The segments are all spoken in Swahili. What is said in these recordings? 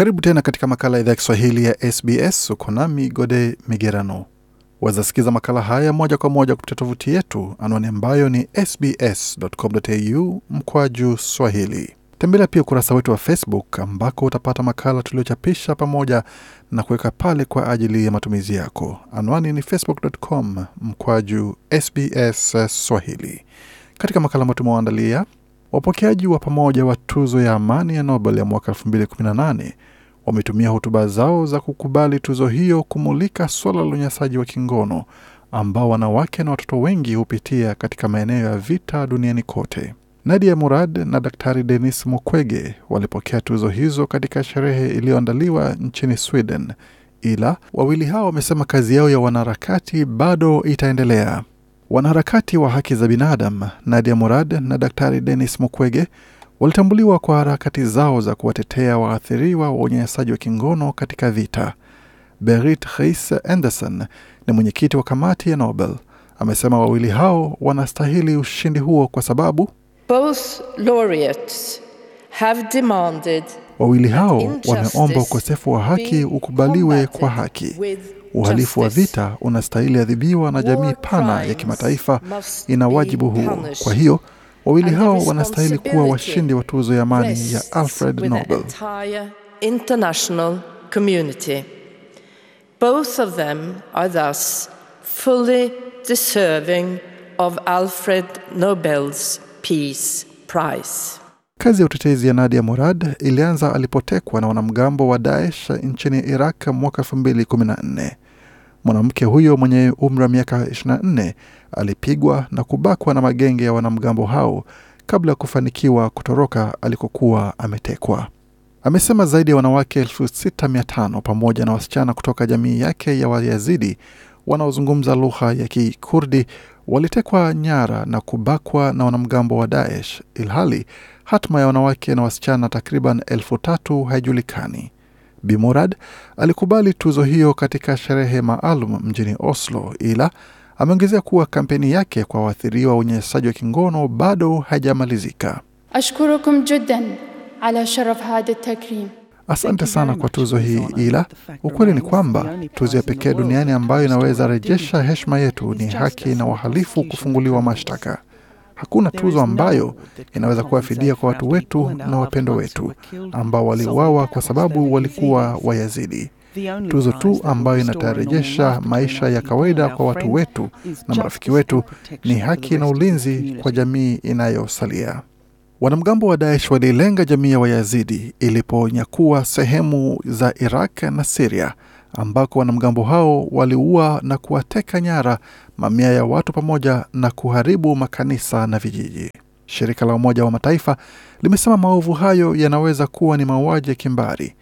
Karibu tena katika makala ya idhaa ya Kiswahili ya SBS. Uko nami Gode Migerano. Wazasikiza makala haya moja kwa moja kupitia tovuti yetu, anwani ambayo ni sbs.com.au mkwaju swahili. Tembelea pia ukurasa wetu wa Facebook ambako utapata makala tuliochapisha pamoja na kuweka pale kwa ajili ya matumizi yako. Anwani ni facebook.com mkwaju SBS Swahili. Katika makala ambayo tumewaandalia, wapokeaji wa pamoja wa tuzo ya amani ya Nobel ya mwaka 2018 wametumia hotuba zao za kukubali tuzo hiyo kumulika suala la unyanyasaji wa kingono ambao wanawake na watoto wengi hupitia katika maeneo ya vita duniani kote. Nadia Murad na Daktari Denis Mukwege walipokea tuzo hizo katika sherehe iliyoandaliwa nchini Sweden, ila wawili hao wamesema kazi yao ya wanaharakati bado itaendelea. Wanaharakati wa haki za binadamu Nadia Murad na Daktari Denis Mukwege walitambuliwa kwa harakati zao za kuwatetea waathiriwa wa unyanyasaji wa kingono katika vita. Berit Reis Anderson ni mwenyekiti wa kamati ya Nobel, amesema wawili hao wanastahili ushindi huo kwa sababu Both laureates have demanded wawili hao wameomba ukosefu wa haki ukubaliwe kwa haki. Uhalifu wa vita unastahili adhibiwa na jamii pana ya kimataifa ina wajibu huo. Kwa hiyo Wawili hao wanastahili kuwa washindi wa tuzo ya amani ya Alfred Nobel. International community. Both of them are thus fully deserving of Alfred Nobel's Peace Prize. Kazi ya utetezi ya Nadia Murad ilianza alipotekwa na wanamgambo wa Daesh nchini Iraq mwaka 2014. Mwanamke huyo mwenye umri wa miaka 24 alipigwa na kubakwa na magenge ya wanamgambo hao kabla ya kufanikiwa kutoroka alikokuwa ametekwa. Amesema zaidi ya wanawake 6500 pamoja na wasichana kutoka jamii yake ya Wayazidi wanaozungumza lugha ya Kikurdi walitekwa nyara na kubakwa na wanamgambo wa Daesh, ilhali hatma ya wanawake na wasichana takriban elfu tatu haijulikani. Bimurad alikubali tuzo hiyo katika sherehe maalum mjini Oslo, ila ameongezea kuwa kampeni yake kwa waathiriwa unyanyasaji wa kingono bado haijamalizika. Ashkurukum jiddan ala sharaf hadha takrim. Asante sana kwa tuzo hii, ila ukweli ni kwamba tuzo ya pekee duniani ambayo inaweza rejesha heshima yetu ni haki na wahalifu kufunguliwa mashtaka. Hakuna tuzo ambayo inaweza kuwa fidia kwa watu wetu na wapendo wetu ambao waliuawa kwa sababu walikuwa Wayazidi. Tuzo tu ambayo inatarejesha maisha ya kawaida kwa watu wetu na marafiki wetu ni haki na ulinzi kwa jamii inayosalia. Wanamgambo wa Daesh walilenga jamii ya Wayazidi iliponyakua sehemu za Iraq na Siria ambako wanamgambo hao waliua na kuwateka nyara mamia ya watu pamoja na kuharibu makanisa na vijiji. Shirika la Umoja wa Mataifa limesema maovu hayo yanaweza kuwa ni mauaji ya kimbari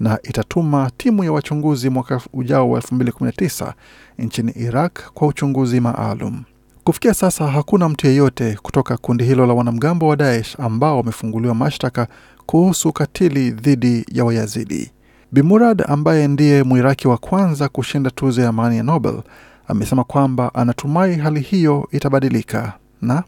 na itatuma timu ya wachunguzi mwaka ujao wa 2019 nchini Iraq kwa uchunguzi maalum. Kufikia sasa hakuna mtu yeyote kutoka kundi hilo la wanamgambo wa Daesh ambao wamefunguliwa mashtaka kuhusu ukatili dhidi ya Wayazidi. Bimurad ambaye ndiye Mwiraki wa kwanza kushinda tuzo ya amani ya Nobel amesema kwamba anatumai hali hiyo itabadilika na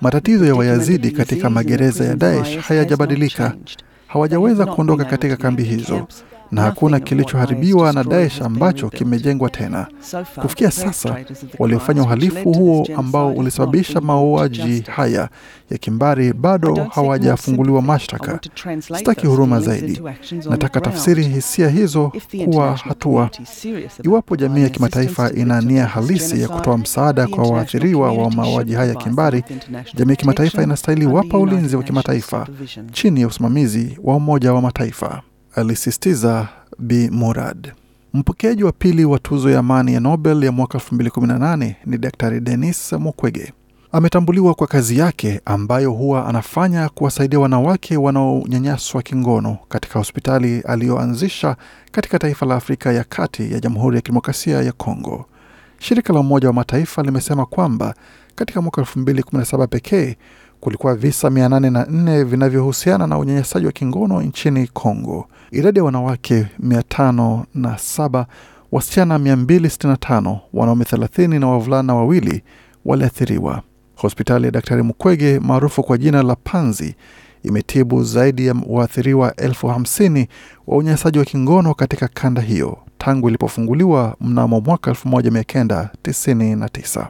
matatizo ya Wayazidi katika magereza ya Daesh hayajabadilika, hawajaweza kuondoka katika kambi hizo na hakuna kilichoharibiwa na Daesh ambacho kimejengwa tena. Kufikia sasa, waliofanya uhalifu huo ambao ulisababisha mauaji haya ya kimbari bado hawajafunguliwa mashtaka. Sitaki huruma zaidi, nataka tafsiri hisia hizo kuwa hatua. Iwapo jamii ya kimataifa ina nia halisi ya kutoa msaada kwa waathiriwa wa mauaji haya ya kimbari, jamii ya kimataifa inastahili wapa ulinzi wa kimataifa chini ya usimamizi wa Umoja wa Mataifa alisisitiza Bi Murad. Mpokeaji wa pili wa tuzo ya amani ya Nobel ya mwaka 2018 ni Daktari Denis Mukwege. Ametambuliwa kwa kazi yake ambayo huwa anafanya kuwasaidia wanawake wanaonyanyaswa kingono katika hospitali aliyoanzisha katika taifa la Afrika ya Kati ya Jamhuri ya Kidemokrasia ya Kongo. Shirika la Umoja wa Mataifa limesema kwamba katika mwaka 2017 pekee kulikuwa visa 804 vinavyohusiana na unyanyasaji wa kingono nchini Kongo idadi ya wanawake 507, wasichana 265, wanaume 30 na wavulana wawili waliathiriwa. Hospitali ya Daktari Mukwege maarufu kwa jina la Panzi imetibu zaidi ya waathiriwa elfu hamsini wa unyanyasaji wa kingono katika kanda hiyo tangu ilipofunguliwa mnamo mwaka 1999.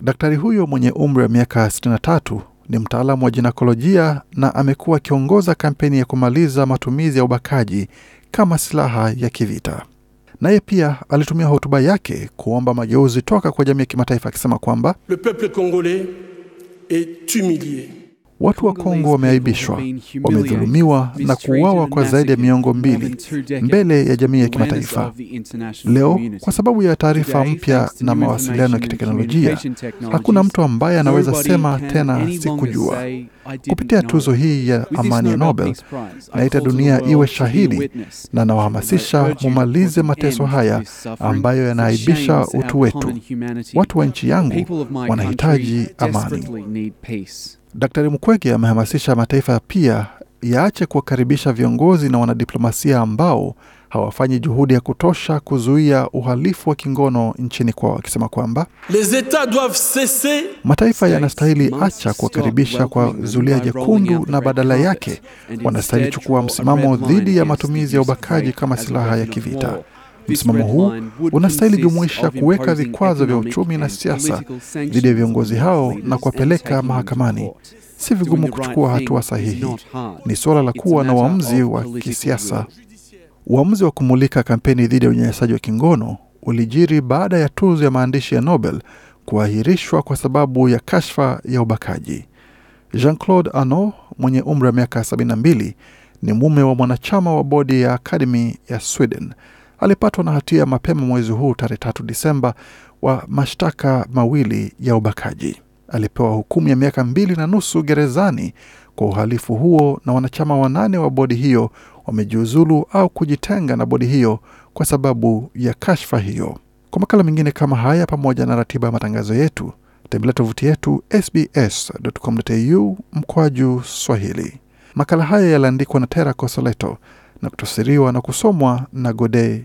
Daktari huyo mwenye umri wa miaka 63 ni mtaalamu wa jinakolojia na amekuwa akiongoza kampeni ya kumaliza matumizi ya ubakaji kama silaha ya kivita. Naye pia alitumia hotuba yake kuomba mageuzi toka kwa jamii ya kimataifa akisema kwamba le peuple congolais est humilie Watu wa Kongo wameaibishwa, wamedhulumiwa na kuuawa kwa zaidi ya miongo mbili mbele ya jamii ya kimataifa. Leo, kwa sababu ya taarifa mpya na mawasiliano ya kiteknolojia, hakuna mtu ambaye anaweza sema tena sikujua. Kupitia tuzo hii ya amani ya Nobel, naita dunia iwe shahidi na nawahamasisha mumalize mateso haya ambayo yanaaibisha utu wetu. Watu wa nchi yangu wanahitaji amani. Daktari mkwege amehamasisha mataifa pia yaache kuwakaribisha viongozi na wanadiplomasia ambao hawafanyi juhudi ya kutosha kuzuia uhalifu wa kingono nchini kwao, akisema kwamba mataifa yanastahili acha kuwakaribisha kwa zulia jekundu na badala yake wanastahili chukua msimamo dhidi ya matumizi ya ubakaji kama silaha ya kivita. Msimamo huu unastahili jumuisha kuweka vikwazo vya uchumi na siasa dhidi ya viongozi hao na kuwapeleka mahakamani. Si vigumu kuchukua hatua sahihi, ni suala la kuwa na uamuzi wa kisiasa. Uamuzi wa kumulika kampeni dhidi ya unyanyasaji wa kingono ulijiri baada ya tuzo ya maandishi ya Nobel kuahirishwa kwa sababu ya kashfa ya ubakaji. Jean-Claude Ano mwenye umri wa miaka 72 ni mume wa mwanachama wa bodi ya akademi ya Sweden alipatwa na hatia mapema mwezi huu tarehe tatu Disemba wa mashtaka mawili ya ubakaji. Alipewa hukumu ya miaka mbili na nusu gerezani kwa uhalifu huo, na wanachama wanane wa bodi hiyo wamejiuzulu au kujitenga na bodi hiyo kwa sababu ya kashfa hiyo. Kwa makala mengine kama haya pamoja na ratiba ya matangazo yetu, tembelea tovuti yetu sbs.com.au mkwaju Swahili. Makala haya yaliandikwa na Tera Kosoleto na kutafsiriwa na kusomwa na Gode